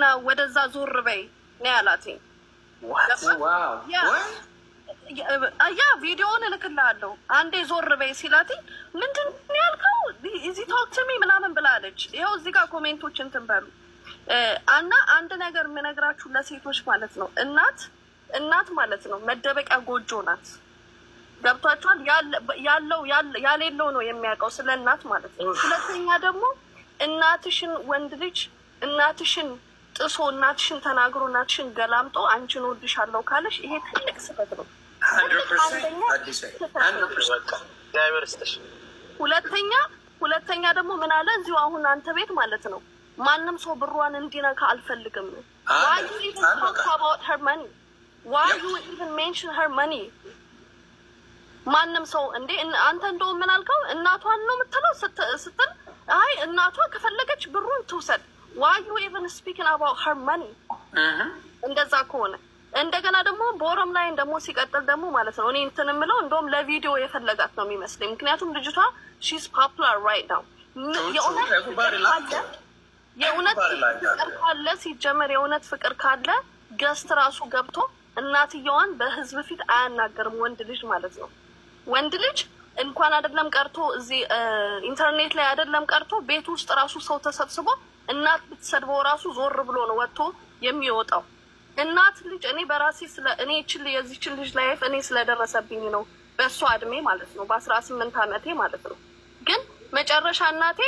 ና ወደዛ ዞር በይ ነው ያላት። ያ ቪዲዮውን እልክልሃለሁ አንዴ ዞር በይ ሲላት ምንድን ያልከው እዚህ ታውትሚ ምናምን ብላለች። ይኸው እዚህ ጋር ኮሜንቶች እንትን በሉ እና አንድ ነገር የምነግራችሁ ለሴቶች ማለት ነው እናት እናት ማለት ነው መደበቂያ ጎጆ ናት። ገብቷችኋል? ያለው ያሌለው ነው የሚያውቀው ስለ እናት ማለት ነው። ሁለተኛ ደግሞ እናትሽን ወንድ ልጅ እናትሽን ጥሶ እናትሽን ተናግሮ እናትሽን ገላምጦ አንቺን ወድሻለሁ ካለሽ ይሄ ትልቅ ስህተት ነው። ሁለተኛ ሁለተኛ ደግሞ ምን አለ እዚሁ አሁን አንተ ቤት ማለት ነው ማንም ሰው ብሯን እንዲነካ አልፈልግም። ማንም ሰው እንዴ አንተ እንደው ምን አልከው እናቷን ነው የምትለው ስትል አይ እናቷ ከፈለገች ብሩን ትውሰድ ዋዩ ኢቨን ስፒክን አባውት ሀር መኒ እንደዛ ከሆነ እንደገና ደግሞ በኦሮም ላይን ደግሞ ሲቀጥል ደግሞ ማለት ነው እኔ እንትን የምለው እንደውም ለቪዲዮ የፈለጋት ነው የሚመስለኝ። ምክንያቱም ልጅቷ ሺዝ ፖፑላር ራይት ነው የእውነት ፍቅር ካለ ሲጀመር የእውነት ፍቅር ካለ ገስት ራሱ ገብቶ እናትየዋን በህዝብ ፊት አያናገርም ወንድ ልጅ ማለት ነው ወንድ ልጅ እንኳን አይደለም ቀርቶ እዚህ ኢንተርኔት ላይ አይደለም ቀርቶ ቤት ውስጥ ራሱ ሰው ተሰብስቦ እናት ብትሰድበው ራሱ ዞር ብሎ ነው ወጥቶ የሚወጣው። እናት ልጅ እኔ በራሴ ስለ እኔ ችል የዚችን ልጅ ላይፍ እኔ ስለደረሰብኝ ነው በእሷ እድሜ ማለት ነው በአስራ ስምንት አመቴ ማለት ነው። ግን መጨረሻ እናቴ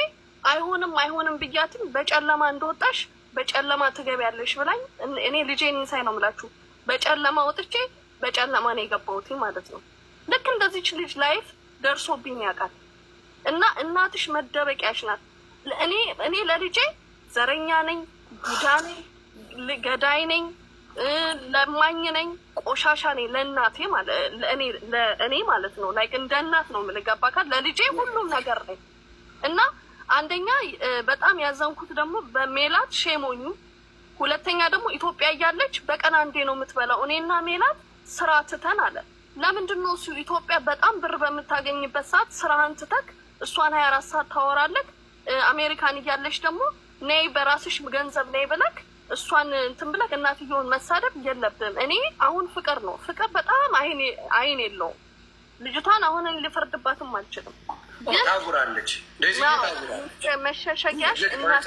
አይሆንም አይሆንም ብያትም በጨለማ እንደወጣሽ በጨለማ ትገቢያለሽ ብላኝ እኔ ልጄን ሳይ ነው የምላችሁ በጨለማ ወጥቼ በጨለማ ነው የገባሁት ማለት ነው። ልክ እንደዚች ልጅ ላይፍ ደርሶብኝ ያውቃል። እና እናትሽ መደበቂያሽ ናት። እኔ እኔ ለልጄ ዘረኛ ነኝ፣ ቡዳ ነኝ፣ ገዳይ ነኝ፣ ለማኝ ነኝ፣ ቆሻሻ ነኝ ለእናቴ ለእኔ ማለት ነው። ላይክ እንደ እናት ነው የምንገባ ካል ለልጄ ሁሉም ነገር ነኝ እና አንደኛ በጣም ያዘንኩት ደግሞ በሜላት ሼሞኙ፣ ሁለተኛ ደግሞ ኢትዮጵያ እያለች በቀን አንዴ ነው የምትበላው። እኔና ሜላት ስራ ትተን አለ ለምንድን ነው እሱ ኢትዮጵያ በጣም ብር በምታገኝበት ሰዓት ስራህን ትተክ እሷን ሀያ አራት ሰዓት ታወራለክ? አሜሪካን እያለች ደግሞ ነይ በራስሽ ገንዘብ ነይ ብለክ እሷን እንትን ብለክ እናትየውን መሳደብ የለብም። እኔ አሁን ፍቅር ነው ፍቅር በጣም አይን የለውም። ልጅቷን አሁን ልፈርድባትም አልችልም። ታጉራለች፣ መሸሸጊያሽ እናት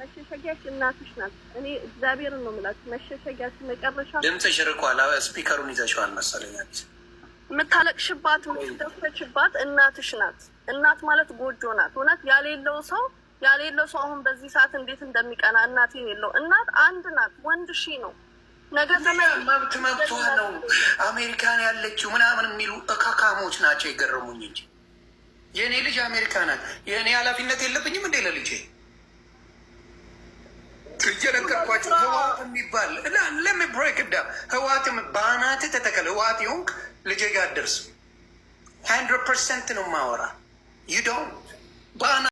መሸሸጊያሽ እናትሽ ናት። እኔ እግዚአብሔርን ነው የምላችሁ። መሸሸጊያሽ መጨረሻ ድምፅሽ ርቋል። ስፒከሩን ይዘሽዋል መሰለኝ። የምታለቅሽባት የምትደፍረችባት እናትሽ ናት። እናት ማለት ጎጆ ናት። እውነት ያሌለው ሰው ያሌለው ሰው አሁን በዚህ ሰዓት እንዴት እንደሚቀና እናት የለው እናት አንድ ናት። ወንድ ሺ ነው ነገር መብት መብቷ ነው። አሜሪካን ያለችው ምናምን የሚሉ እካካሞች ናቸው የገረሙኝ እንጂ የእኔ ልጅ አሜሪካ ናት። የእኔ ኃላፊነት የለብኝም እንዴ ለልጄ የነገርኳቸው ህዋት የሚባል ለምን ብሬክ ዳ ህዋት በአናት ተተከል ህዋት ይሆንክ ልጄ ጋር ደርሱ ሀንድረድ ፐርሰንት ነው ማወራ ይደው በአና